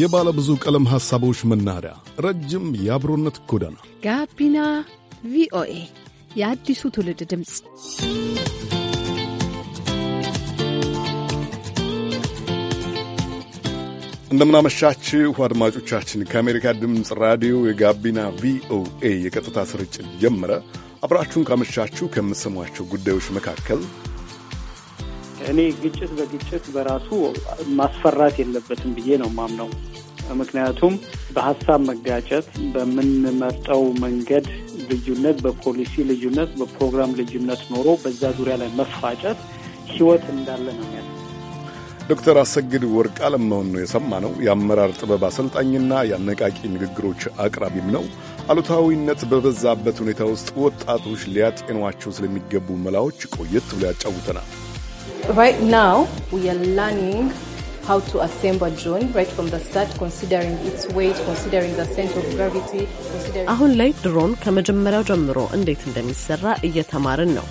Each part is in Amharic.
የባለ ብዙ ቀለም ሐሳቦች መናኸሪያ፣ ረጅም የአብሮነት ጎዳና ጋቢና ቪኦኤ የአዲሱ ትውልድ ድምፅ። እንደምናመሻችሁ አድማጮቻችን፣ ከአሜሪካ ድምፅ ራዲዮ የጋቢና ቪኦኤ የቀጥታ ስርጭት ጀመረ። አብራችሁን ካመሻችሁ ከምትሰሟቸው ጉዳዮች መካከል እኔ ግጭት በግጭት በራሱ ማስፈራት የለበትም ብዬ ነው ማምነው። ምክንያቱም በሀሳብ መጋጨት፣ በምንመርጠው መንገድ ልዩነት፣ በፖሊሲ ልዩነት፣ በፕሮግራም ልዩነት ኖሮ በዛ ዙሪያ ላይ መፋጨት ህይወት እንዳለ ነው ያለ ዶክተር አሰግድ ወርቅ አለማውን ነው የሰማነው። የአመራር ጥበብ አሰልጣኝና የአነቃቂ ንግግሮች አቅራቢም ነው። አሉታዊነት በበዛበት ሁኔታ ውስጥ ወጣቶች ሊያጤኗቸው ስለሚገቡ መላዎች ቆየት ብሎ ያጫውተናል። Right now, we are learning how to assemble drone right from the start, considering its weight, considering the center of gravity, considering... አሁን ላይ ድሮን ከመጀመሪያው ጀምሮ እንዴት እንደሚሰራ እየተማርን ነው።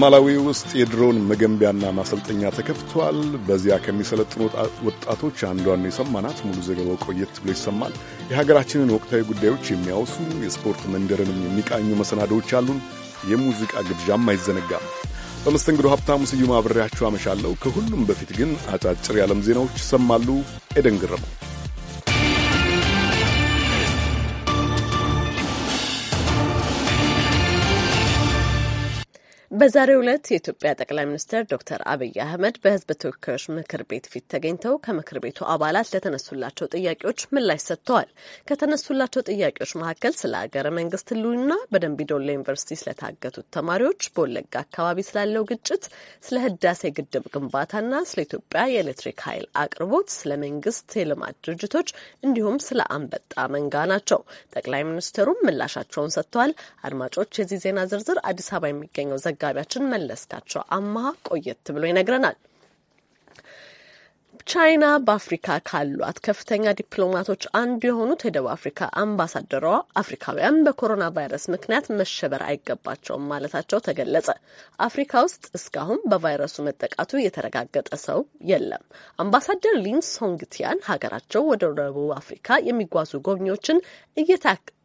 ማላዊ ውስጥ የድሮን መገንቢያና ማሰልጠኛ ተከፍቷል። በዚያ ከሚሰለጥኑ ወጣቶች አንዷን የሰማናት ሙሉ ዘገባው ቆየት ብሎ ይሰማል። የሀገራችንን ወቅታዊ ጉዳዮች የሚያወሱ የስፖርት መንደርንም የሚቃኙ መሰናዶዎች አሉን። የሙዚቃ ግብዣም አይዘነጋም። በመስተንግዶ ሀብታሙ ስዩም አብሬያችሁ አመሻለሁ። ከሁሉም በፊት ግን አጫጭር የዓለም ዜናዎች ይሰማሉ። ኤደን ግረመው በዛሬው ዕለት የኢትዮጵያ ጠቅላይ ሚኒስትር ዶክተር አብይ አህመድ በህዝብ ተወካዮች ምክር ቤት ፊት ተገኝተው ከምክር ቤቱ አባላት ለተነሱላቸው ጥያቄዎች ምላሽ ሰጥተዋል። ከተነሱላቸው ጥያቄዎች መካከል ስለ ሀገረ መንግስት ሕልውና፣ በደንቢዶሎ ዩኒቨርሲቲ ስለታገቱት ተማሪዎች፣ በወለጋ አካባቢ ስላለው ግጭት፣ ስለ ህዳሴ ግድብ ግንባታና ስለ ኢትዮጵያ የኤሌክትሪክ ኃይል አቅርቦት፣ ስለ መንግስት የልማት ድርጅቶች እንዲሁም ስለ አንበጣ መንጋ ናቸው። ጠቅላይ ሚኒስትሩም ምላሻቸውን ሰጥተዋል። አድማጮች፣ የዚህ ዜና ዝርዝር አዲስ አበባ የሚገኘው ዘጋ ዘጋቢያችን መለስካቸው አማ ቆየት ብሎ ይነግረናል። ቻይና በአፍሪካ ካሏት ከፍተኛ ዲፕሎማቶች አንዱ የሆኑት የደቡብ አፍሪካ አምባሳደሯ አፍሪካውያን በኮሮና ቫይረስ ምክንያት መሸበር አይገባቸውም ማለታቸው ተገለጸ። አፍሪካ ውስጥ እስካሁን በቫይረሱ መጠቃቱ የተረጋገጠ ሰው የለም። አምባሳደር ሊን ሶንግቲያን ሀገራቸው ወደ ደቡብ አፍሪካ የሚጓዙ ጎብኚዎችን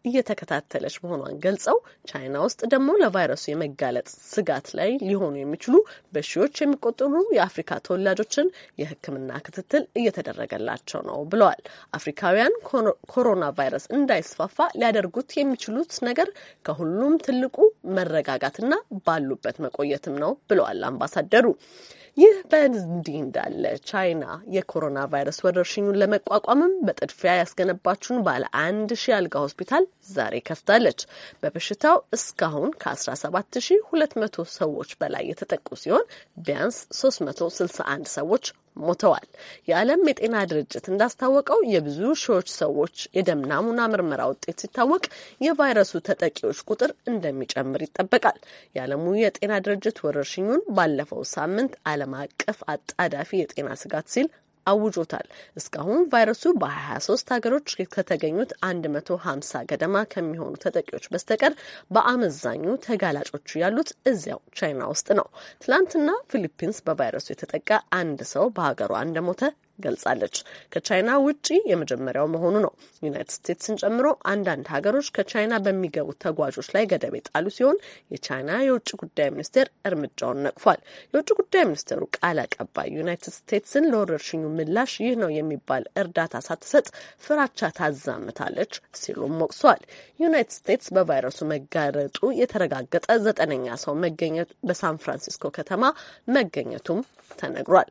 እየተከታተለች መሆኗን ገልጸው ቻይና ውስጥ ደግሞ ለቫይረሱ የመጋለጥ ስጋት ላይ ሊሆኑ የሚችሉ በሺዎች የሚቆጠሩ የአፍሪካ ተወላጆችን የሕክምና ክትትል እየተደረገላቸው ነው ብለዋል። አፍሪካውያን ኮሮና ቫይረስ እንዳይስፋፋ ሊያደርጉት የሚችሉት ነገር ከሁሉም ትልቁ መረጋጋትና ባሉበት መቆየትም ነው ብለዋል አምባሳደሩ። ይህ በእንዲህ እንዳለ ቻይና የኮሮና ቫይረስ ወረርሽኙን ለመቋቋምም በጥድፊያ ያስገነባችውን ባለ አንድ ሺህ አልጋ ሆስፒታል ዛሬ ከፍታለች። በበሽታው እስካሁን ከ17200 ሰዎች በላይ የተጠቁ ሲሆን ቢያንስ 361 ሰዎች ሞተዋል። የዓለም የጤና ድርጅት እንዳስታወቀው የብዙ ሺዎች ሰዎች የደም ናሙና ምርመራ ውጤት ሲታወቅ የቫይረሱ ተጠቂዎች ቁጥር እንደሚጨምር ይጠበቃል። የዓለሙ የጤና ድርጅት ወረርሽኙን ባለፈው ሳምንት ዓለም አቀፍ አጣዳፊ የጤና ስጋት ሲል አውጆታል። እስካሁን ቫይረሱ በ23 ሀገሮች ከተገኙት 150 ገደማ ከሚሆኑ ተጠቂዎች በስተቀር በአመዛኙ ተጋላጮቹ ያሉት እዚያው ቻይና ውስጥ ነው። ትላንትና ፊሊፒንስ በቫይረሱ የተጠቃ አንድ ሰው በሀገሯ እንደሞተ ገልጻለች። ከቻይና ውጪ የመጀመሪያው መሆኑ ነው። ዩናይትድ ስቴትስን ጨምሮ አንዳንድ ሀገሮች ከቻይና በሚገቡ ተጓዦች ላይ ገደብ የጣሉ ሲሆን የቻይና የውጭ ጉዳይ ሚኒስቴር እርምጃውን ነቅፏል። የውጭ ጉዳይ ሚኒስቴሩ ቃል አቀባይ ዩናይትድ ስቴትስን ለወረርሽኙ ምላሽ ይህ ነው የሚባል እርዳታ ሳትሰጥ ፍራቻ ታዛምታለች ሲሉም ሞቅሷል። ዩናይትድ ስቴትስ በቫይረሱ መጋረጡ የተረጋገጠ ዘጠነኛ ሰው መገኘት በሳን ፍራንሲስኮ ከተማ መገኘቱም ተነግሯል።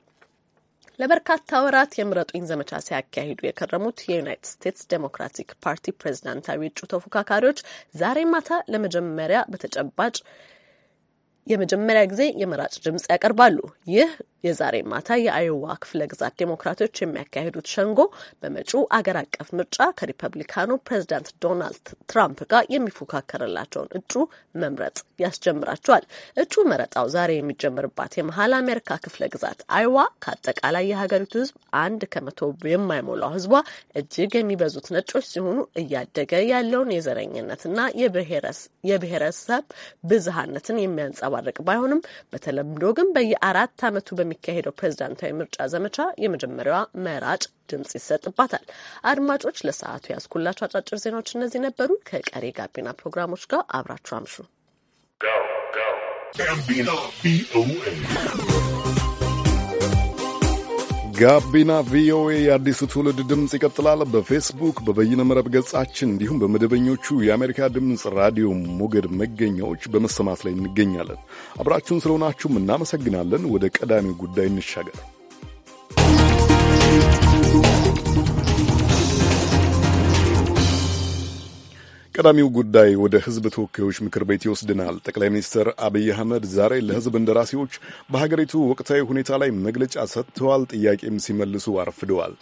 ለበርካታ ወራት የምረጡኝ ዘመቻ ሲያካሂዱ የከረሙት የዩናይትድ ስቴትስ ዴሞክራቲክ ፓርቲ ፕሬዚዳንታዊ እጩ ተፎካካሪዎች ዛሬ ማታ ለመጀመሪያ በተጨባጭ የመጀመሪያ ጊዜ የመራጭ ድምፅ ያቀርባሉ። ይህ የዛሬ ማታ የአዮዋ ክፍለ ግዛት ዴሞክራቶች የሚያካሂዱት ሸንጎ በመጪው አገር አቀፍ ምርጫ ከሪፐብሊካኑ ፕሬዚዳንት ዶናልድ ትራምፕ ጋር የሚፎካከርላቸውን እጩ መምረጥ ያስጀምራቸዋል። እጩ መረጣው ዛሬ የሚጀምርባት የመሀል አሜሪካ ክፍለ ግዛት አይዋ ከአጠቃላይ የሀገሪቱ ሕዝብ አንድ ከመቶ የማይሞላው ሕዝቧ እጅግ የሚበዙት ነጮች ሲሆኑ እያደገ ያለውን የዘረኝነትና የብሔረሰብ ብዝሃነትን የሚያንጸባርቅ ባይሆንም በተለምዶ ግን በየአራት ዓመቱ በሚካሄደው ፕሬዝዳንታዊ ምርጫ ዘመቻ የመጀመሪያዋ መራጭ ድምጽ ይሰጥባታል። አድማጮች፣ ለሰዓቱ ያስኩላቸው አጫጭር ዜናዎች እነዚህ ነበሩ። ከቀሪ ጋቢና ፕሮግራሞች ጋር አብራችሁ አምሹ። ጋቢና ቪኦኤ የአዲሱ ትውልድ ድምፅ ይቀጥላል። በፌስቡክ በበይነ መረብ ገጻችን እንዲሁም በመደበኞቹ የአሜሪካ ድምፅ ራዲዮ ሞገድ መገኛዎች በመሰማት ላይ እንገኛለን። አብራችሁን ስለሆናችሁም እናመሰግናለን። ወደ ቀዳሚው ጉዳይ እንሻገር። ቀዳሚው ጉዳይ ወደ ህዝብ ተወካዮች ምክር ቤት ይወስድናል። ጠቅላይ ሚኒስትር አብይ አህመድ ዛሬ ለህዝብ እንደራሴዎች በሀገሪቱ ወቅታዊ ሁኔታ ላይ መግለጫ ሰጥተዋል። ጥያቄም ሲመልሱ አርፍደዋል።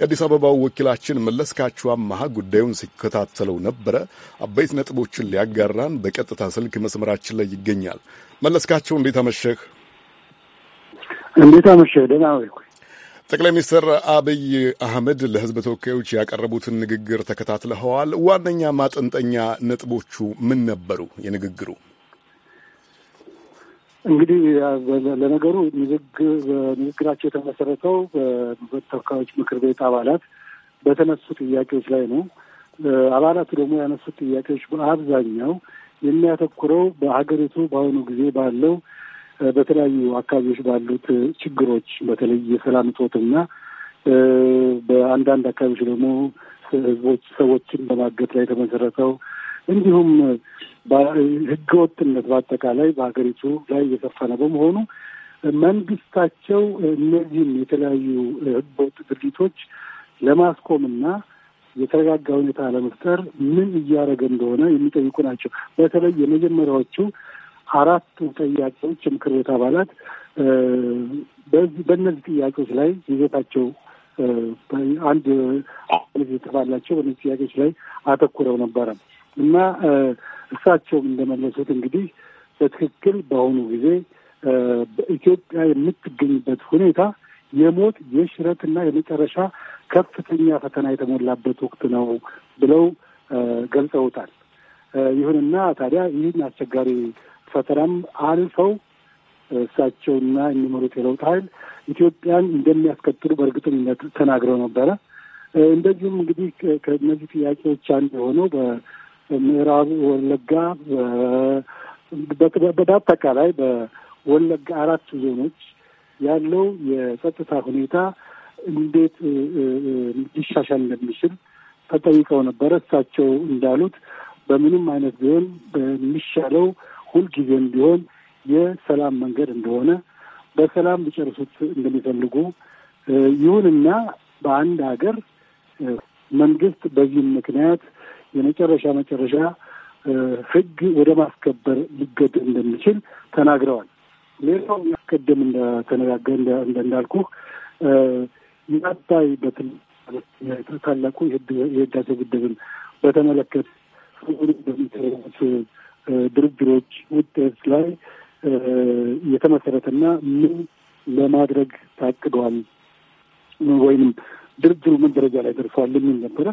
የአዲስ አበባው ወኪላችን መለስካቸው አማሃ ጉዳዩን ሲከታተለው ነበረ። አበይት ነጥቦችን ሊያጋራን በቀጥታ ስልክ መስመራችን ላይ ይገኛል። መለስካቸው፣ እንዴት አመሸህ? እንዴት አመሸህ? ደህና ጠቅላይ ሚኒስትር አብይ አህመድ ለህዝብ ተወካዮች ያቀረቡትን ንግግር ተከታትለኸዋል። ዋነኛ ማጠንጠኛ ነጥቦቹ ምን ነበሩ? የንግግሩ እንግዲህ ለነገሩ ንግግራቸው የተመሰረተው በተወካዮች ምክር ቤት አባላት በተነሱ ጥያቄዎች ላይ ነው። አባላቱ ደግሞ ያነሱት ጥያቄዎች በአብዛኛው የሚያተኩረው በሀገሪቱ በአሁኑ ጊዜ ባለው በተለያዩ አካባቢዎች ባሉት ችግሮች በተለይ የሰላም እጦትና በአንዳንድ አካባቢዎች ደግሞ ህዝቦች ሰዎችን በማገት ላይ የተመሰረተው እንዲሁም ህገወጥነት በአጠቃላይ በሀገሪቱ ላይ እየሰፈነ በመሆኑ መንግስታቸው እነዚህም የተለያዩ ህገወጥ ድርጊቶች ለማስቆምና የተረጋጋ ሁኔታ ለመፍጠር ምን እያደረገ እንደሆነ የሚጠይቁ ናቸው። በተለይ የመጀመሪያዎቹ አራቱ ጥያቄዎች የምክር ቤት አባላት በእነዚህ ጥያቄዎች ላይ ይዘታቸው አንድ የተባላቸው በእነዚህ ጥያቄዎች ላይ አተኩረው ነበረ እና እሳቸውም እንደመለሱት እንግዲህ በትክክል በአሁኑ ጊዜ በኢትዮጵያ የምትገኝበት ሁኔታ የሞት የሽረትና የመጨረሻ ከፍተኛ ፈተና የተሞላበት ወቅት ነው ብለው ገልጸውታል። ይሁንና ታዲያ ይህን አስቸጋሪ ፈተናም አልፈው እሳቸውና የሚመሩት የለውጥ ኃይል ኢትዮጵያን እንደሚያስከትሉ በእርግጠኝነት ተናግረው ነበረ። እንደዚሁም እንግዲህ ከእነዚህ ጥያቄዎች አንዱ የሆነው በምዕራብ ወለጋ በአጠቃላይ በወለጋ አራት ዞኖች ያለው የጸጥታ ሁኔታ እንዴት ሊሻሻል እንደሚችል ተጠይቀው ነበረ። እሳቸው እንዳሉት በምንም አይነት ቢሆን የሚሻለው ሁልጊዜም ቢሆን የሰላም መንገድ እንደሆነ በሰላም ሊጨርሱት እንደሚፈልጉ ይሁንና በአንድ ሀገር መንግስት በዚህም ምክንያት የመጨረሻ መጨረሻ ህግ ወደ ማስከበር ሊገድ እንደሚችል ተናግረዋል። ሌላው ያስቀድም እንደተነጋገ እንዳልኩ የአባይ በታላቁ የህዳሴ ግድብን በተመለከተ ድርድሮች ውጤት ላይ የተመሰረተና ምን ለማድረግ ታቅደዋል ወይም ድርድሩ ምን ደረጃ ላይ ደርሰዋል የሚል ነበረ።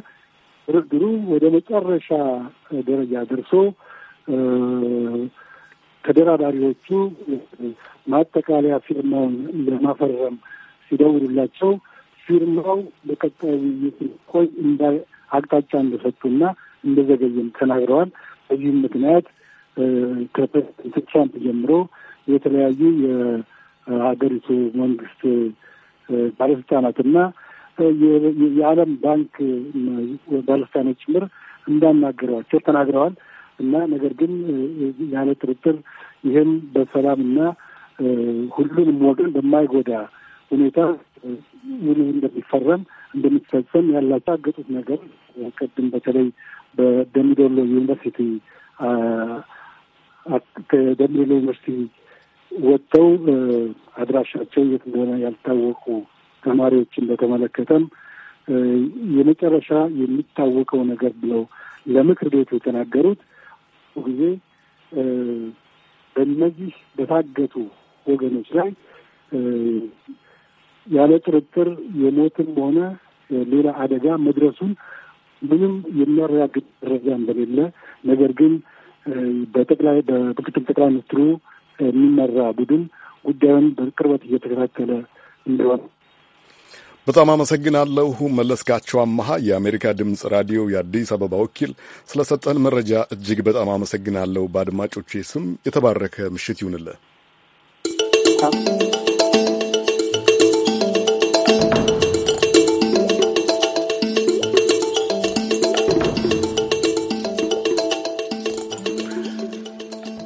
ድርድሩ ወደ መጨረሻ ደረጃ ደርሶ ተደራዳሪዎቹ ማጠቃለያ ፊርማውን ለማፈረም ሲደውሉላቸው ፊርማው በቀጣይ ውይይት ቆይ እንዳ አቅጣጫ እንደሰጡና እንደዘገየም ተናግረዋል። በዚህም ምክንያት ከፕሬዚደንት ትራምፕ ጀምሮ የተለያዩ የሀገሪቱ መንግስት ባለስልጣናትና የዓለም ባንክ ባለስልጣኖች ጭምር እንዳናገሯቸው ተናግረዋል እና ነገር ግን ያለ ጥርጥር ይህም በሰላምና ሁሉንም ወገን በማይጎዳ ሁኔታ ውሉ እንደሚፈረም እንደሚፈጸም ያላረጋገጡት ነገር ቅድም በተለይ በደሚዶሎ ዩኒቨርሲቲ ደምቢዶሎ ዩኒቨርሲቲ ወጥተው አድራሻቸው የት እንደሆነ ያልታወቁ ተማሪዎችን በተመለከተም የመጨረሻ የሚታወቀው ነገር ብለው ለምክር ቤቱ የተናገሩት ጊዜ በእነዚህ በታገቱ ወገኖች ላይ ያለ ጥርጥር የሞትም ሆነ ሌላ አደጋ መድረሱን ምንም የሚያረጋግጥ ደረጃ እንደሌለ ነገር ግን በጠቅላይ በምክትል ጠቅላይ ሚኒስትሩ የሚመራ ቡድን ጉዳዩን በቅርበት እየተከታተለ እንደሆነ በጣም አመሰግናለሁ። መለስካቸው አመሃ የአሜሪካ ድምፅ ራዲዮ የአዲስ አበባ ወኪል ስለሰጠን መረጃ እጅግ በጣም አመሰግናለሁ። በአድማጮቼ ስም የተባረከ ምሽት ይሁንልህ።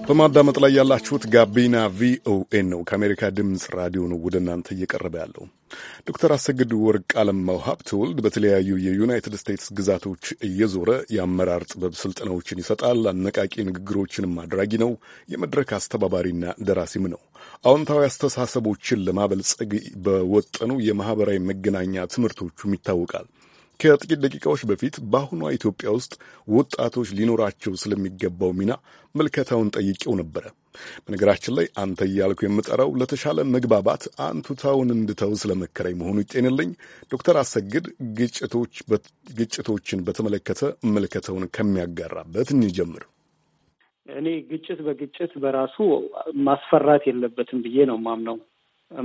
በማዳመጥ ላይ ያላችሁት ጋቢና ቪኦኤን ነው። ከአሜሪካ ድምፅ ራዲዮ ነው ወደ እናንተ እየቀረበ ያለው። ዶክተር አሰግድ ወርቅ አለማው ሀብተወልድ በተለያዩ የዩናይትድ ስቴትስ ግዛቶች እየዞረ የአመራር ጥበብ ስልጠናዎችን ይሰጣል። አነቃቂ ንግግሮችንም አድራጊ ነው። የመድረክ አስተባባሪና ደራሲም ነው። አዎንታዊ አስተሳሰቦችን ለማበልጸግ በወጠኑ የማህበራዊ መገናኛ ትምህርቶቹም ይታወቃል። ከጥቂት ደቂቃዎች በፊት በአሁኗ ኢትዮጵያ ውስጥ ወጣቶች ሊኖራቸው ስለሚገባው ሚና ምልከታውን ጠይቄው ነበረ። በነገራችን ላይ አንተ እያልኩ የምጠራው ለተሻለ መግባባት አንቱታውን እንድተው ስለመከረኝ መሆኑ ይጤንልኝ። ዶክተር አሰግድ ግጭቶችን በተመለከተ ምልከተውን ከሚያጋራበት እንጀምር። እኔ ግጭት በግጭት በራሱ ማስፈራት የለበትም ብዬ ነው ማምነው።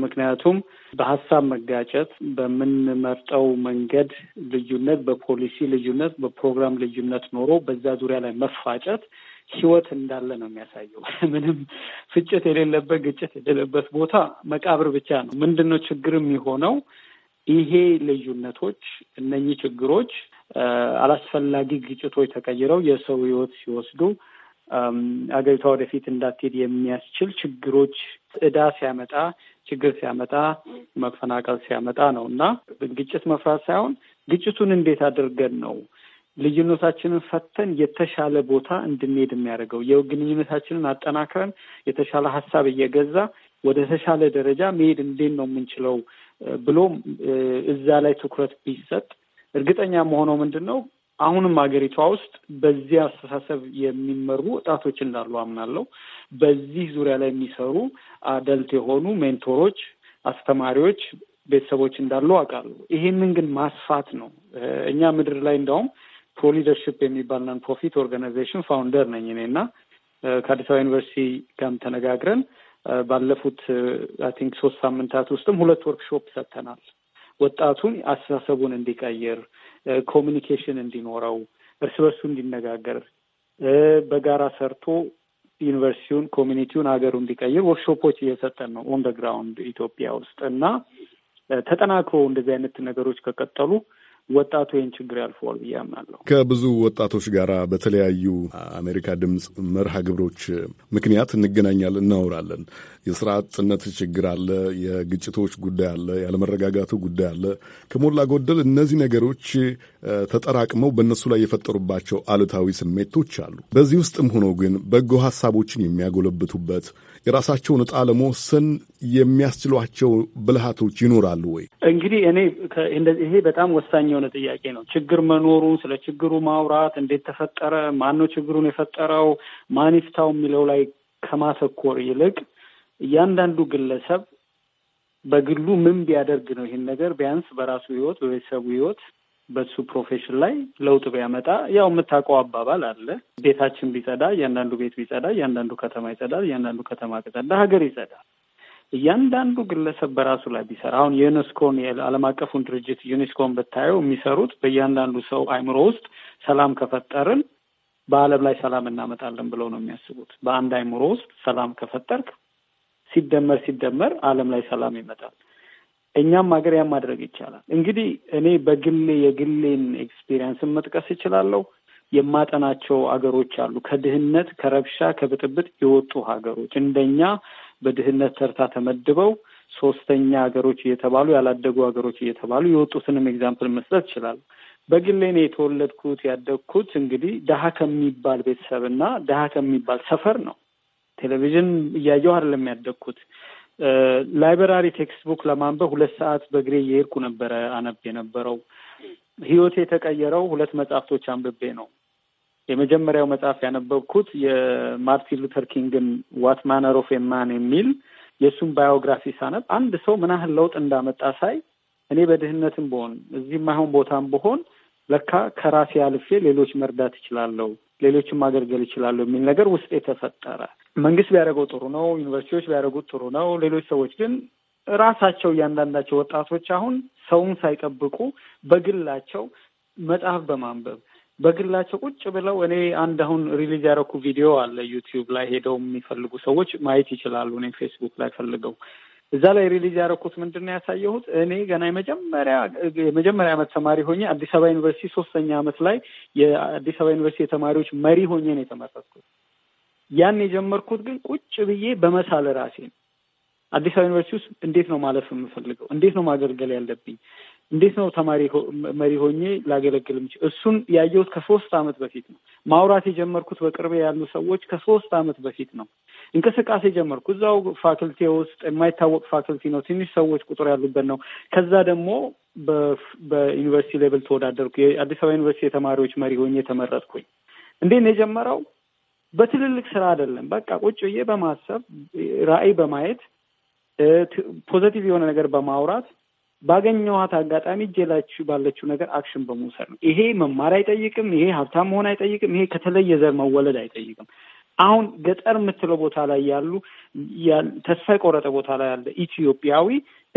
ምክንያቱም በሀሳብ መጋጨት፣ በምንመርጠው መንገድ ልዩነት፣ በፖሊሲ ልዩነት፣ በፕሮግራም ልዩነት ኖሮ በዛ ዙሪያ ላይ መፋጨት ህይወት እንዳለ ነው የሚያሳየው። ምንም ፍጭት የሌለበት ግጭት የሌለበት ቦታ መቃብር ብቻ ነው። ምንድን ነው ችግር የሚሆነው? ይሄ ልዩነቶች፣ እነኚህ ችግሮች አላስፈላጊ ግጭቶች ተቀይረው የሰው ህይወት ሲወስዱ አገሪቷ ወደፊት እንዳትሄድ የሚያስችል ችግሮች እዳ ሲያመጣ ችግር ሲያመጣ መፈናቀል ሲያመጣ ነው እና ግጭት መፍራት ሳይሆን ግጭቱን እንዴት አድርገን ነው ልዩነታችንን ፈተን የተሻለ ቦታ እንድንሄድ የሚያደርገው የግንኙነታችንን አጠናክረን የተሻለ ሀሳብ እየገዛ ወደ ተሻለ ደረጃ መሄድ እንዴት ነው የምንችለው ብሎ እዛ ላይ ትኩረት ቢሰጥ እርግጠኛ መሆነው ምንድን ነው አሁንም ሀገሪቷ ውስጥ በዚህ አስተሳሰብ የሚመሩ ወጣቶች እንዳሉ አምናለሁ። በዚህ ዙሪያ ላይ የሚሰሩ አደልት የሆኑ ሜንቶሮች፣ አስተማሪዎች፣ ቤተሰቦች እንዳሉ አውቃለሁ። ይሄንን ግን ማስፋት ነው። እኛ ምድር ላይ እንደውም ፕሮሊደርሽፕ የሚባል ናን ፕሮፊት ኦርጋናይዜሽን ፋውንደር ነኝ እኔ እና ከአዲስ አበባ ዩኒቨርሲቲ ጋርም ተነጋግረን ባለፉት አይ ቲንክ ሶስት ሳምንታት ውስጥም ሁለት ወርክሾፕ ሰጥተናል። ወጣቱን አስተሳሰቡን እንዲቀይር ኮሚኒኬሽን እንዲኖረው፣ እርስ በርሱ እንዲነጋገር፣ በጋራ ሰርቶ ዩኒቨርሲቲውን፣ ኮሚኒቲውን፣ ሀገሩ እንዲቀይር ወርክሾፖች እየሰጠን ነው ኦንደርግራውንድ ኢትዮጵያ ውስጥ እና ተጠናክሮ እንደዚህ አይነት ነገሮች ከቀጠሉ ወጣቱ ይህን ችግር ያልፈዋል ብዬ አምናለሁ። ከብዙ ወጣቶች ጋር በተለያዩ አሜሪካ ድምፅ መርሃ ግብሮች ምክንያት እንገናኛለን፣ እናወራለን። የስራ አጥነት ችግር አለ፣ የግጭቶች ጉዳይ አለ፣ ያለመረጋጋቱ ጉዳይ አለ። ከሞላ ጎደል እነዚህ ነገሮች ተጠራቅመው በእነሱ ላይ የፈጠሩባቸው አሉታዊ ስሜቶች አሉ። በዚህ ውስጥም ሆኖ ግን በጎ ሀሳቦችን የሚያጎለብቱበት የራሳቸውን እጣ ለመወሰን የሚያስችሏቸው ብልሃቶች ይኖራሉ ወይ? እንግዲህ እኔ ይሄ በጣም ወሳኝ የሆነ ጥያቄ ነው። ችግር መኖሩ፣ ስለ ችግሩ ማውራት፣ እንዴት ተፈጠረ፣ ማን ነው ችግሩን የፈጠረው፣ ማን ይፍታው የሚለው ላይ ከማተኮር ይልቅ እያንዳንዱ ግለሰብ በግሉ ምን ቢያደርግ ነው ይህን ነገር ቢያንስ በራሱ ህይወት፣ በቤተሰቡ ህይወት በሱ ፕሮፌሽን ላይ ለውጥ ቢያመጣ ያው የምታውቀው አባባል አለ። ቤታችን ቢጸዳ፣ እያንዳንዱ ቤት ቢጸዳ፣ እያንዳንዱ ከተማ ይጸዳል፣ እያንዳንዱ ከተማ ቢጸዳ፣ ሀገር ይጸዳል። እያንዳንዱ ግለሰብ በራሱ ላይ ቢሰራ አሁን የዩኔስኮን የዓለም አቀፉን ድርጅት ዩኔስኮን ብታየው የሚሰሩት በእያንዳንዱ ሰው አይምሮ ውስጥ ሰላም ከፈጠርን በዓለም ላይ ሰላም እናመጣለን ብለው ነው የሚያስቡት። በአንድ አይምሮ ውስጥ ሰላም ከፈጠርክ ሲደመር ሲደመር ዓለም ላይ ሰላም ይመጣል። እኛም ሀገር ያን ማድረግ ይቻላል። እንግዲህ እኔ በግሌ የግሌን ኤክስፔሪየንስን መጥቀስ እችላለሁ። የማጠናቸው ሀገሮች አሉ፣ ከድህነት ከረብሻ ከብጥብጥ የወጡ ሀገሮች እንደኛ በድህነት ተርታ ተመድበው ሶስተኛ ሀገሮች እየተባሉ ያላደጉ ሀገሮች እየተባሉ የወጡትንም ኤግዛምፕል መስጠት ይችላል። በግሌ የተወለድኩት ያደግኩት እንግዲህ ድሀ ከሚባል ቤተሰብና ድሀ ከሚባል ሰፈር ነው። ቴሌቪዥን እያየው አይደለም ያደግኩት። ላይብራሪ ቴክስት ቡክ ለማንበብ ሁለት ሰዓት በእግሬ እየሄድኩ ነበረ አነብ የነበረው። ህይወቴ የተቀየረው ሁለት መጽሐፍቶች አንብቤ ነው። የመጀመሪያው መጽሐፍ ያነበብኩት የማርቲን ሉተር ኪንግን ዋት ማነር ኦፍ ማን የሚል የእሱን ባዮግራፊ ሳነብ አንድ ሰው ምን ያህል ለውጥ እንዳመጣ ሳይ እኔ በድህነትም ብሆን እዚህ አይሆን ቦታም ብሆን ለካ ከራሴ አልፌ ሌሎች መርዳት እችላለሁ፣ ሌሎችም ማገልገል እችላለሁ የሚል ነገር ውስጥ ተፈጠረ። መንግስት ቢያደርገው ጥሩ ነው፣ ዩኒቨርሲቲዎች ቢያደርጉት ጥሩ ነው። ሌሎች ሰዎች ግን ራሳቸው እያንዳንዳቸው ወጣቶች አሁን ሰውን ሳይጠብቁ በግላቸው መጽሐፍ በማንበብ በግላቸው ቁጭ ብለው እኔ አንድ አሁን ሪሊዝ ያደረኩ ቪዲዮ አለ ዩቲዩብ ላይ ሄደው የሚፈልጉ ሰዎች ማየት ይችላሉ። እኔ ፌስቡክ ላይ ፈልገው እዛ ላይ ሪሊዝ ያደረኩት ምንድን ነው ያሳየሁት እኔ ገና የመጀመሪያ የመጀመሪያ ዓመት ተማሪ ሆኜ አዲስ አበባ ዩኒቨርሲቲ ሶስተኛ ዓመት ላይ የአዲስ አበባ ዩኒቨርሲቲ የተማሪዎች መሪ ሆኜ ነው የተመረጥኩት። ያን የጀመርኩት ግን ቁጭ ብዬ በመሳል ራሴ ነው አዲስ አበባ ዩኒቨርሲቲ ውስጥ እንዴት ነው ማለፍ የምፈልገው? እንዴት ነው ማገልገል ያለብኝ? እንዴት ነው ተማሪ መሪ ሆኜ ላገለግል የምችል? እሱን ያየሁት ከሶስት አመት በፊት ነው። ማውራት የጀመርኩት በቅርቤ ያሉ ሰዎች ከሶስት አመት በፊት ነው። እንቅስቃሴ ጀመርኩ። እዛው ፋክልቲ ውስጥ የማይታወቅ ፋክልቲ ነው፣ ትንሽ ሰዎች ቁጥር ያሉበት ነው። ከዛ ደግሞ በዩኒቨርሲቲ ሌቭል ተወዳደርኩ። የአዲስ አበባ ዩኒቨርሲቲ የተማሪዎች መሪ ሆኜ የተመረጥኩኝ። እንዴት ነው የጀመረው? በትልልቅ ስራ አይደለም። በቃ ቁጭ ብዬ በማሰብ ራዕይ በማየት ፖዘቲቭ የሆነ ነገር በማውራት ባገኘኋት አጋጣሚ እጄ ባለችው ነገር አክሽን በመውሰድ ነው። ይሄ መማር አይጠይቅም። ይሄ ሀብታም መሆን አይጠይቅም። ይሄ ከተለየ ዘር መወለድ አይጠይቅም። አሁን ገጠር የምትለው ቦታ ላይ ያሉ ተስፋ የቆረጠ ቦታ ላይ ያለ ኢትዮጵያዊ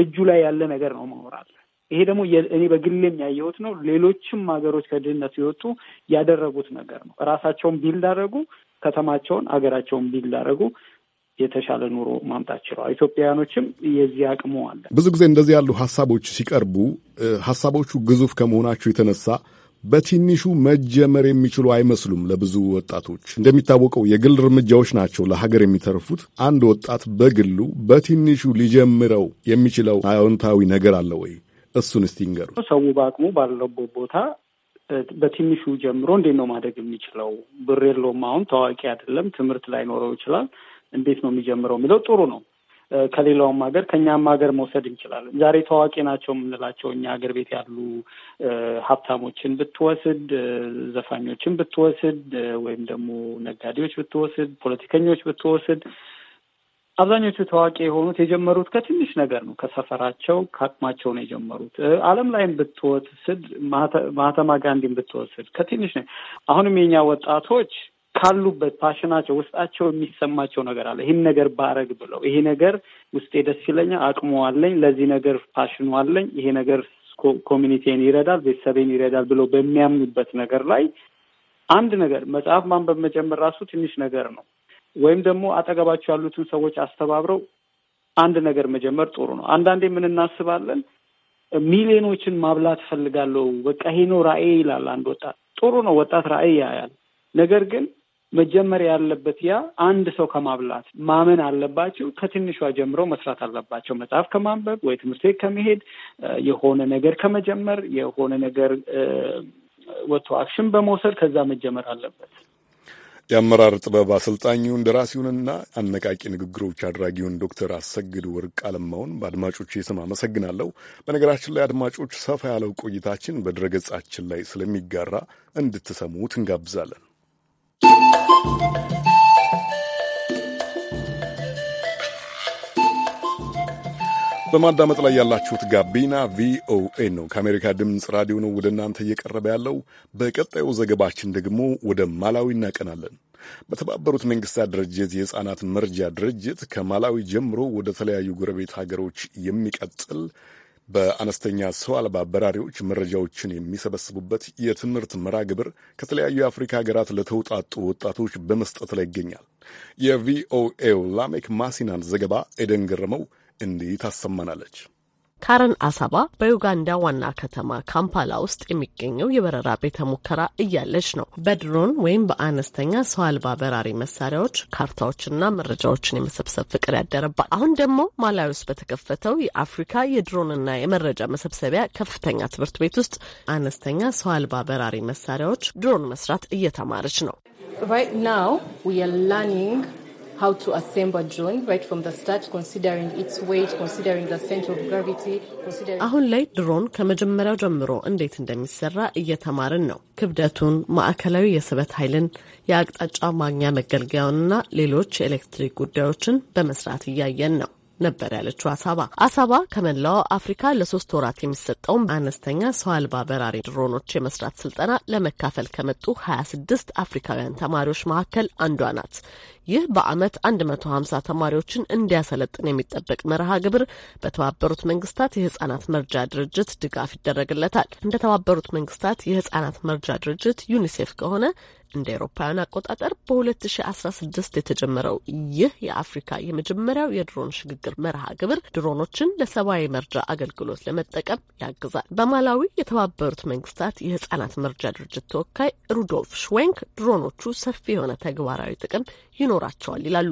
እጁ ላይ ያለ ነገር ነው ማወራል። ይሄ ደግሞ እኔ በግሌ የሚያየሁት ነው። ሌሎችም ሀገሮች ከድህነት ሲወጡ ያደረጉት ነገር ነው። ራሳቸውን ቢልድ ዳረጉ፣ ከተማቸውን፣ ሀገራቸውን ቢልድ ዳረጉ። የተሻለ ኑሮ ማምጣት ችለዋል። ኢትዮጵያውያኖችም የዚህ አቅሙ አለ። ብዙ ጊዜ እንደዚህ ያሉ ሀሳቦች ሲቀርቡ ሀሳቦቹ ግዙፍ ከመሆናቸው የተነሳ በትንሹ መጀመር የሚችሉ አይመስሉም ለብዙ ወጣቶች። እንደሚታወቀው የግል እርምጃዎች ናቸው ለሀገር የሚተርፉት። አንድ ወጣት በግሉ በትንሹ ሊጀምረው የሚችለው አዎንታዊ ነገር አለ ወይ? እሱን እስቲ ንገሩ። ሰው በአቅሙ ባለበት ቦታ በትንሹ ጀምሮ እንዴት ነው ማደግ የሚችለው? ብር የለውም፣ አሁን ታዋቂ አይደለም፣ ትምህርት ላይኖረው ይችላል እንዴት ነው የሚጀምረው የሚለው ጥሩ ነው። ከሌላውም ሀገር ከእኛም ሀገር መውሰድ እንችላለን። ዛሬ ታዋቂ ናቸው የምንላቸው እኛ ሀገር ቤት ያሉ ሀብታሞችን ብትወስድ፣ ዘፋኞችን ብትወስድ፣ ወይም ደግሞ ነጋዴዎች ብትወስድ፣ ፖለቲከኞች ብትወስድ አብዛኞቹ ታዋቂ የሆኑት የጀመሩት ከትንሽ ነገር ነው። ከሰፈራቸው ከአቅማቸው ነው የጀመሩት። ዓለም ላይም ብትወስድ ማህተማ ጋንዲን ብትወስድ ከትንሽ ነ አሁንም የኛ ወጣቶች ካሉበት ፓሽናቸው ውስጣቸው የሚሰማቸው ነገር አለ። ይህን ነገር ባረግ ብለው ይሄ ነገር ውስጤ ደስ ይለኛል፣ አቅሙ አለኝ፣ ለዚህ ነገር ፓሽኑ አለኝ፣ ይሄ ነገር ኮሚኒቲን ይረዳል፣ ቤተሰቤን ይረዳል ብለው በሚያምኑበት ነገር ላይ አንድ ነገር መጽሐፍ ማንበብ መጀመር ራሱ ትንሽ ነገር ነው። ወይም ደግሞ አጠገባቸው ያሉትን ሰዎች አስተባብረው አንድ ነገር መጀመር ጥሩ ነው። አንዳንዴ ምን እናስባለን? ሚሊዮኖችን ማብላት ፈልጋለሁ፣ በቃ ይሄ ነው ራዕይ ይላል አንድ ወጣት። ጥሩ ነው፣ ወጣት ራዕይ ያያል። ነገር ግን መጀመሪያ ያለበት ያ አንድ ሰው ከማብላት ማመን አለባቸው። ከትንሿ ጀምሮ መስራት አለባቸው። መጽሐፍ ከማንበብ ወይ ትምህርት ቤት ከመሄድ የሆነ ነገር ከመጀመር የሆነ ነገር ወጥቶ አክሽን በመውሰድ ከዛ መጀመር አለበት። የአመራር ጥበብ አሰልጣኙን ደራሲውንና አነቃቂ ንግግሮች አድራጊውን ዶክተር አሰግድ ወርቅ አለማውን በአድማጮች ስም አመሰግናለሁ። በነገራችን ላይ አድማጮች ሰፋ ያለው ቆይታችን በድረገጻችን ላይ ስለሚጋራ እንድትሰሙት እንጋብዛለን። በማዳመጥ ላይ ያላችሁት ጋቢና ቪኦኤ ነው። ከአሜሪካ ድምፅ ራዲዮ ነው ወደ እናንተ እየቀረበ ያለው። በቀጣዩ ዘገባችን ደግሞ ወደ ማላዊ እናቀናለን። በተባበሩት መንግስታት ድርጅት የሕፃናት መርጃ ድርጅት ከማላዊ ጀምሮ ወደ ተለያዩ ጎረቤት ሀገሮች የሚቀጥል በአነስተኛ ሰው አልባ በራሪዎች መረጃዎችን የሚሰበስቡበት የትምህርት መርሃ ግብር ከተለያዩ የአፍሪካ ሀገራት ለተውጣጡ ወጣቶች በመስጠት ላይ ይገኛል። የቪኦኤው ላሜክ ማሲናን ዘገባ ኤደን ገረመው እንዲህ ታሰማናለች። ካረን አሳባ በዩጋንዳ ዋና ከተማ ካምፓላ ውስጥ የሚገኘው የበረራ ቤተ ሙከራ እያለች ነው። በድሮን ወይም በአነስተኛ ሰው አልባ በራሪ መሳሪያዎች ካርታዎችና መረጃዎችን የመሰብሰብ ፍቅር ያደረባት። አሁን ደግሞ ማላዊ ውስጥ በተከፈተው የአፍሪካ የድሮንና የመረጃ መሰብሰቢያ ከፍተኛ ትምህርት ቤት ውስጥ አነስተኛ ሰው አልባ በራሪ መሳሪያዎች ድሮን መስራት እየተማረች ነው። how to assemble a drone right from the start, considering its weight, considering the center of gravity, considering... አሁን ላይ ድሮን ከመጀመሪያው ጀምሮ እንዴት እንደሚሰራ እየተማርን ነው። ክብደቱን፣ ማዕከላዊ የስበት ኃይልን፣ የአቅጣጫ ማግኛ መገልገያውንና ሌሎች የኤሌክትሪክ ጉዳዮችን በመስራት እያየን ነው። ነበር ያለችው አሳባ። አሳባ ከመላው አፍሪካ ለሶስት ወራት የሚሰጠውን አነስተኛ ሰው አልባ በራሪ ድሮኖች የመስራት ስልጠና ለመካፈል ከመጡ ሀያ ስድስት አፍሪካውያን ተማሪዎች መካከል አንዷ ናት። ይህ በአመት መቶ ሀምሳ ተማሪዎችን እንዲያሰለጥን የሚጠበቅ መርሃ ግብር በተባበሩት መንግስታት የህጻናት መርጃ ድርጅት ድጋፍ ይደረግለታል። እንደ ተባበሩት መንግስታት የህጻናት መርጃ ድርጅት ዩኒሴፍ ከሆነ እንደ ኤሮፓውያን አቆጣጠር በ2016 የተጀመረው ይህ የአፍሪካ የመጀመሪያው የድሮን ሽግግር መርሃ ግብር ድሮኖችን ለሰብአዊ መርጃ አገልግሎት ለመጠቀም ያግዛል። በማላዊ የተባበሩት መንግስታት የህጻናት መርጃ ድርጅት ተወካይ ሩዶልፍ ሽዌንክ ድሮኖቹ ሰፊ የሆነ ተግባራዊ ጥቅም ይኖራቸዋል ይላሉ።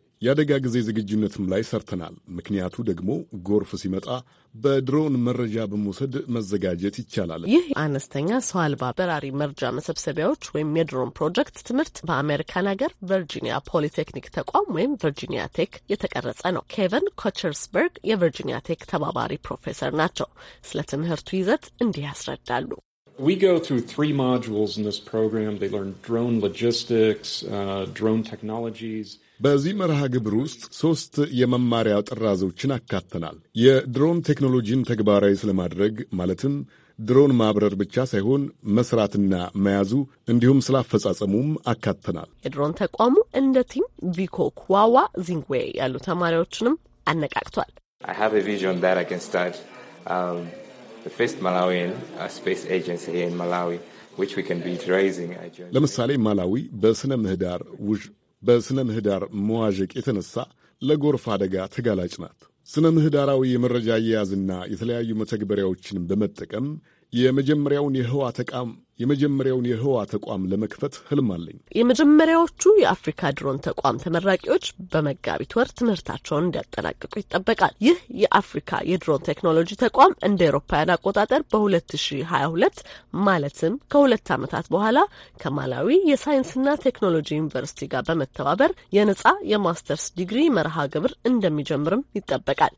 የአደጋ ጊዜ ዝግጁነትም ላይ ሰርተናል። ምክንያቱ ደግሞ ጎርፍ ሲመጣ በድሮን መረጃ በመውሰድ መዘጋጀት ይቻላል። ይህ አነስተኛ ሰው አልባ በራሪ መርጃ መሰብሰቢያዎች ወይም የድሮን ፕሮጀክት ትምህርት በአሜሪካን ሀገር ቨርጂኒያ ፖሊቴክኒክ ተቋም ወይም ቨርጂኒያ ቴክ የተቀረጸ ነው። ኬቨን ኮቸርስበርግ የቨርጂኒያ ቴክ ተባባሪ ፕሮፌሰር ናቸው። ስለ ትምህርቱ ይዘት እንዲህ ያስረዳሉ። We go through three modules in this program. They learn drone logistics, uh, drone technologies. በዚህ መርሃ ግብር ውስጥ ሦስት የመማሪያ ጥራዞችን አካተናል። የድሮን ቴክኖሎጂን ተግባራዊ ስለማድረግ ማለትም ድሮን ማብረር ብቻ ሳይሆን መስራትና መያዙ እንዲሁም ስላፈጻጸሙም አካተናል። የድሮን ተቋሙ እንደ ቲም ቪኮክ፣ ዋዋ፣ ዚንግዌ ያሉ ተማሪዎችንም አነቃቅቷል። um, uh, ለምሳሌ ማላዊ በሥነ ምህዳር በሥነ ምህዳር መዋዠቅ የተነሳ ለጎርፍ አደጋ ተጋላጭ ናት። ስነ ምህዳራዊ የመረጃ አያያዝና የተለያዩ መተግበሪያዎችን በመጠቀም የመጀመሪያውን የህዋ ተቋም የመጀመሪያውን የህዋ ተቋም ለመክፈት ህልም አለኝ። የመጀመሪያዎቹ የአፍሪካ ድሮን ተቋም ተመራቂዎች በመጋቢት ወር ትምህርታቸውን እንዲያጠናቅቁ ይጠበቃል። ይህ የአፍሪካ የድሮን ቴክኖሎጂ ተቋም እንደ ኤሮፓውያን አቆጣጠር በ2022 ማለትም ከሁለት ዓመታት በኋላ ከማላዊ የሳይንስና ቴክኖሎጂ ዩኒቨርሲቲ ጋር በመተባበር የነጻ የማስተርስ ዲግሪ መርሃ ግብር እንደሚጀምርም ይጠበቃል።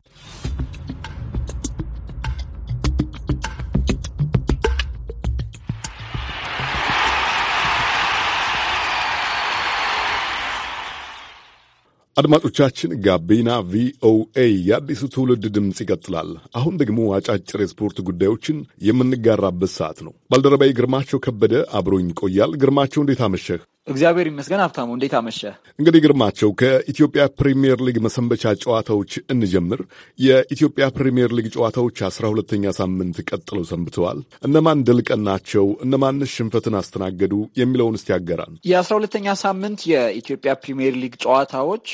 አድማጮቻችን ጋቢና ቪኦኤ የአዲሱ ትውልድ ድምፅ ይቀጥላል። አሁን ደግሞ አጫጭር የስፖርት ጉዳዮችን የምንጋራበት ሰዓት ነው። ባልደረባዬ ግርማቸው ከበደ አብሮኝ ይቆያል። ግርማቸው እንዴት አመሸህ? እግዚአብሔር ይመስገን ሀብታሙ፣ እንዴት አመሸ? እንግዲህ ግርማቸው፣ ከኢትዮጵያ ፕሪምየር ሊግ መሰንበቻ ጨዋታዎች እንጀምር። የኢትዮጵያ ፕሪምየር ሊግ ጨዋታዎች አስራ ሁለተኛ ሳምንት ቀጥለው ሰንብተዋል። እነማን ድል ቀናቸው፣ እነማንስ ሽንፈትን አስተናገዱ የሚለውን እስቲ ያገራል። የአስራ ሁለተኛ ሳምንት የኢትዮጵያ ፕሪምየር ሊግ ጨዋታዎች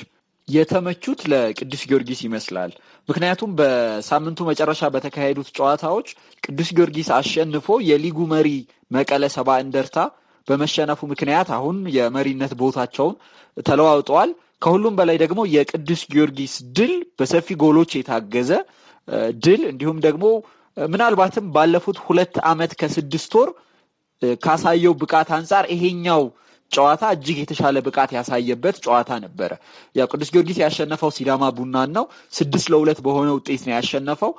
የተመቹት ለቅዱስ ጊዮርጊስ ይመስላል። ምክንያቱም በሳምንቱ መጨረሻ በተካሄዱት ጨዋታዎች ቅዱስ ጊዮርጊስ አሸንፎ የሊጉ መሪ መቀለ ሰባ እንደርታ በመሸነፉ ምክንያት አሁን የመሪነት ቦታቸውን ተለዋውጠዋል። ከሁሉም በላይ ደግሞ የቅዱስ ጊዮርጊስ ድል በሰፊ ጎሎች የታገዘ ድል እንዲሁም ደግሞ ምናልባትም ባለፉት ሁለት ዓመት ከስድስት ወር ካሳየው ብቃት አንጻር ይሄኛው ጨዋታ እጅግ የተሻለ ብቃት ያሳየበት ጨዋታ ነበረ። ያው ቅዱስ ጊዮርጊስ ያሸነፈው ሲዳማ ቡናን ነው። ስድስት ለሁለት በሆነ ውጤት ነው ያሸነፈው።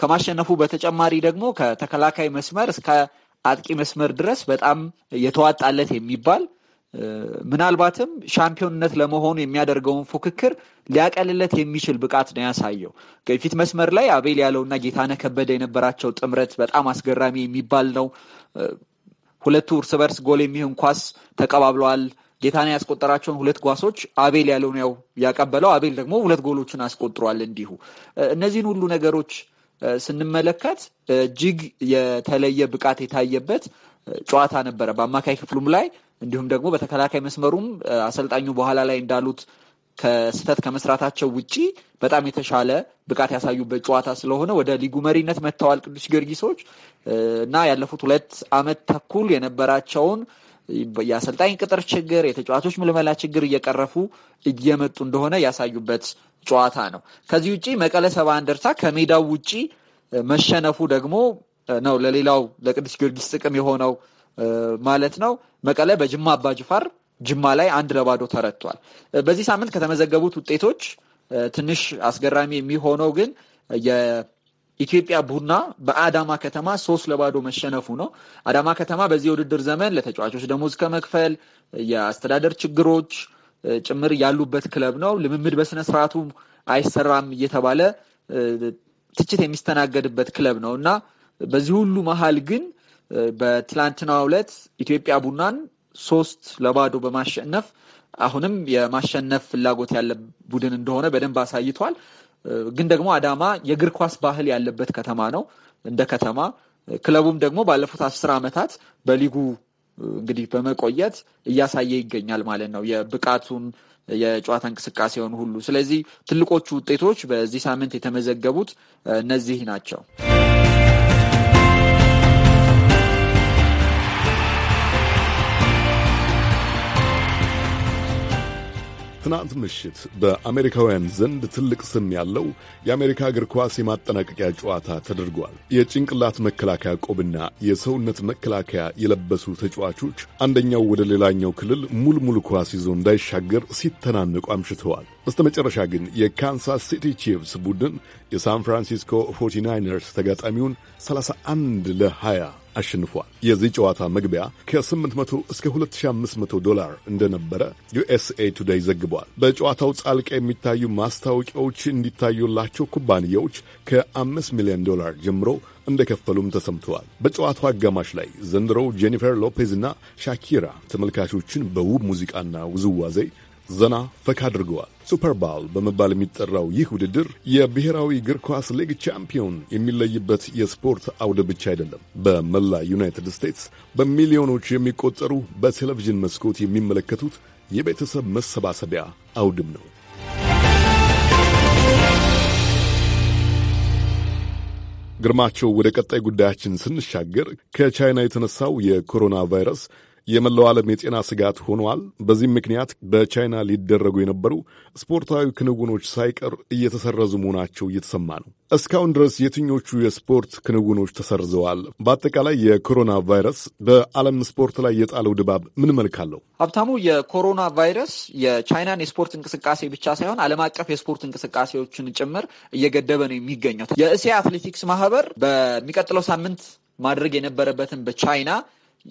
ከማሸነፉ በተጨማሪ ደግሞ ከተከላካይ መስመር እስከ አጥቂ መስመር ድረስ በጣም የተዋጣለት የሚባል ምናልባትም ሻምፒዮንነት ለመሆኑ የሚያደርገውን ፉክክር ሊያቀልለት የሚችል ብቃት ነው ያሳየው። ከፊት መስመር ላይ አቤል ያለውና ጌታነህ ከበደ የነበራቸው ጥምረት በጣም አስገራሚ የሚባል ነው። ሁለቱ እርስ በርስ ጎል የሚሆን ኳስ ተቀባብለዋል። ጌታነህ ያስቆጠራቸውን ሁለት ኳሶች አቤል ያለውን ያው ያቀበለው፣ አቤል ደግሞ ሁለት ጎሎችን አስቆጥሯል። እንዲሁ እነዚህን ሁሉ ነገሮች ስንመለከት እጅግ የተለየ ብቃት የታየበት ጨዋታ ነበረ። በአማካይ ክፍሉም ላይ እንዲሁም ደግሞ በተከላካይ መስመሩም አሰልጣኙ በኋላ ላይ እንዳሉት ከስህተት ከመስራታቸው ውጪ በጣም የተሻለ ብቃት ያሳዩበት ጨዋታ ስለሆነ ወደ ሊጉ መሪነት መጥተዋል ቅዱስ ጊዮርጊሶች እና ያለፉት ሁለት ዓመት ተኩል የነበራቸውን የአሰልጣኝ ቅጥር ችግር፣ የተጫዋቾች ምልመላ ችግር እየቀረፉ እየመጡ እንደሆነ ያሳዩበት ጨዋታ ነው። ከዚህ ውጭ መቀለ ሰባ እንደርታ ከሜዳው ውጭ መሸነፉ ደግሞ ነው ለሌላው ለቅዱስ ጊዮርጊስ ጥቅም የሆነው ማለት ነው። መቀለ በጅማ አባጅፋር ጅማ ላይ አንድ ለባዶ ተረቷል። በዚህ ሳምንት ከተመዘገቡት ውጤቶች ትንሽ አስገራሚ የሚሆነው ግን የኢትዮጵያ ቡና በአዳማ ከተማ ሶስት ለባዶ መሸነፉ ነው። አዳማ ከተማ በዚህ የውድድር ዘመን ለተጫዋቾች ደሞዝ ከመክፈል የአስተዳደር ችግሮች ጭምር ያሉበት ክለብ ነው። ልምምድ በስነስርዓቱ አይሰራም እየተባለ ትችት የሚስተናገድበት ክለብ ነው እና በዚህ ሁሉ መሀል ግን በትላንትናው ዕለት ኢትዮጵያ ቡናን ሶስት ለባዶ በማሸነፍ አሁንም የማሸነፍ ፍላጎት ያለ ቡድን እንደሆነ በደንብ አሳይቷል። ግን ደግሞ አዳማ የእግር ኳስ ባህል ያለበት ከተማ ነው እንደ ከተማ ክለቡም ደግሞ ባለፉት አስር ዓመታት በሊጉ እንግዲህ በመቆየት እያሳየ ይገኛል ማለት ነው የብቃቱን የጨዋታ እንቅስቃሴውን ሁሉ። ስለዚህ ትልቆቹ ውጤቶች በዚህ ሳምንት የተመዘገቡት እነዚህ ናቸው። ትናንት ምሽት በአሜሪካውያን ዘንድ ትልቅ ስም ያለው የአሜሪካ እግር ኳስ የማጠናቀቂያ ጨዋታ ተደርጓል። የጭንቅላት መከላከያ ቆብና የሰውነት መከላከያ የለበሱ ተጫዋቾች አንደኛው ወደ ሌላኛው ክልል ሙልሙል ኳስ ይዞ እንዳይሻገር ሲተናነቁ አምሽተዋል። በስተ መጨረሻ ግን የካንሳስ ሲቲ ቺፍስ ቡድን የሳን ፍራንሲስኮ 49 ርስ ተጋጣሚውን 31 ለ20 አሸንፏል። የዚህ ጨዋታ መግቢያ ከ800 እስከ 2500 ዶላር እንደነበረ ዩኤስኤ ቱዴይ ዘግቧል። በጨዋታው ጻልቃ የሚታዩ ማስታወቂያዎች እንዲታዩላቸው ኩባንያዎች ከ5 ሚሊዮን ዶላር ጀምሮ እንደከፈሉም ተሰምተዋል። በጨዋታው አጋማሽ ላይ ዘንድሮው ጄኒፈር እና ሻኪራ ተመልካቾችን በውብ ሙዚቃና ውዝዋዜ ዘና ፈካ አድርገዋል። ሱፐር ባል በመባል የሚጠራው ይህ ውድድር የብሔራዊ እግር ኳስ ሊግ ቻምፒዮን የሚለይበት የስፖርት አውደ ብቻ አይደለም። በመላ ዩናይትድ ስቴትስ በሚሊዮኖች የሚቆጠሩ በቴሌቪዥን መስኮት የሚመለከቱት የቤተሰብ መሰባሰቢያ አውድም ነው። ግርማቸው፣ ወደ ቀጣይ ጉዳያችን ስንሻገር ከቻይና የተነሳው የኮሮና ቫይረስ የመላው ዓለም የጤና ስጋት ሆኗል። በዚህም ምክንያት በቻይና ሊደረጉ የነበሩ ስፖርታዊ ክንውኖች ሳይቀር እየተሰረዙ መሆናቸው እየተሰማ ነው። እስካሁን ድረስ የትኞቹ የስፖርት ክንውኖች ተሰርዘዋል? በአጠቃላይ የኮሮና ቫይረስ በዓለም ስፖርት ላይ የጣለው ድባብ ምን መልክ አለው? ሀብታሙ፣ የኮሮና ቫይረስ የቻይናን የስፖርት እንቅስቃሴ ብቻ ሳይሆን ዓለም አቀፍ የስፖርት እንቅስቃሴዎችን ጭምር እየገደበ ነው የሚገኘው። የእስያ አትሌቲክስ ማህበር በሚቀጥለው ሳምንት ማድረግ የነበረበትን በቻይና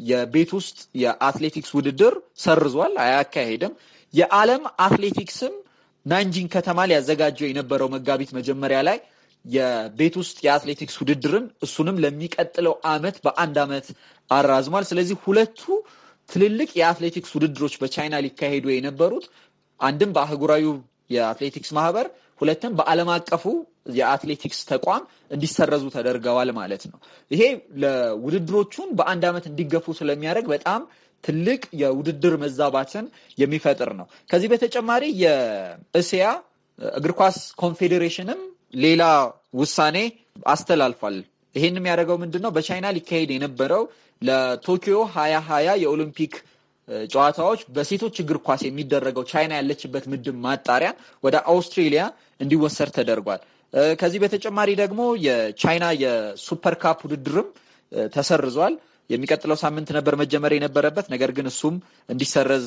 የቤት ውስጥ የአትሌቲክስ ውድድር ሰርዟል፣ አያካሄድም። የዓለም አትሌቲክስም ናንጂን ከተማ ሊያዘጋጀው የነበረው መጋቢት መጀመሪያ ላይ የቤት ውስጥ የአትሌቲክስ ውድድርን እሱንም ለሚቀጥለው ዓመት በአንድ ዓመት አራዝሟል። ስለዚህ ሁለቱ ትልልቅ የአትሌቲክስ ውድድሮች በቻይና ሊካሄዱ የነበሩት አንድም በአህጉራዊ የአትሌቲክስ ማህበር ሁለትም በዓለም አቀፉ የአትሌቲክስ ተቋም እንዲሰረዙ ተደርገዋል ማለት ነው። ይሄ ለውድድሮቹን በአንድ ዓመት እንዲገፉ ስለሚያደርግ በጣም ትልቅ የውድድር መዛባትን የሚፈጥር ነው። ከዚህ በተጨማሪ የእስያ እግር ኳስ ኮንፌዴሬሽንም ሌላ ውሳኔ አስተላልፏል። ይህን የሚያደርገው ምንድን ነው? በቻይና ሊካሄድ የነበረው ለቶኪዮ ሀያ ሀያ የኦሎምፒክ ጨዋታዎች በሴቶች እግር ኳስ የሚደረገው ቻይና ያለችበት ምድብ ማጣሪያ ወደ አውስትሬሊያ እንዲወሰድ ተደርጓል። ከዚህ በተጨማሪ ደግሞ የቻይና የሱፐር ካፕ ውድድርም ተሰርዟል። የሚቀጥለው ሳምንት ነበር መጀመር የነበረበት ነገር ግን እሱም እንዲሰረዝ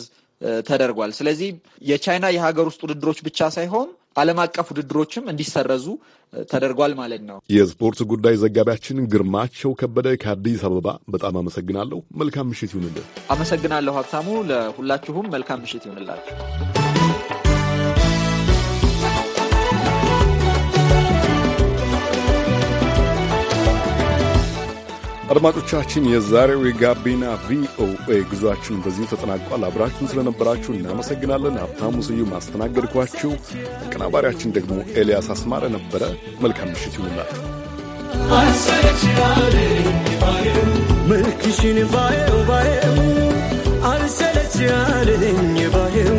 ተደርጓል። ስለዚህ የቻይና የሀገር ውስጥ ውድድሮች ብቻ ሳይሆን ዓለም አቀፍ ውድድሮችም እንዲሰረዙ ተደርጓል ማለት ነው። የስፖርት ጉዳይ ዘጋቢያችን ግርማቸው ከበደ ከአዲስ አበባ በጣም አመሰግናለሁ። መልካም ምሽት ይሁንልን። አመሰግናለሁ ሀብታሙ። ለሁላችሁም መልካም ምሽት ይሁንላችሁ። አድማጮቻችን የዛሬው የጋቢና ቪኦኤ ጉዟችን በዚሁ ተጠናቋል። አብራችሁን ስለነበራችሁ እናመሰግናለን። ሀብታሙ ስዩ ማስተናገድኳችሁ፣ አቀናባሪያችን ደግሞ ኤልያስ አስማረ ነበረ። መልካም ምሽት ይሁንላል። መልክሽን ባየው ባየው አልሰለች ያለኝ ባየው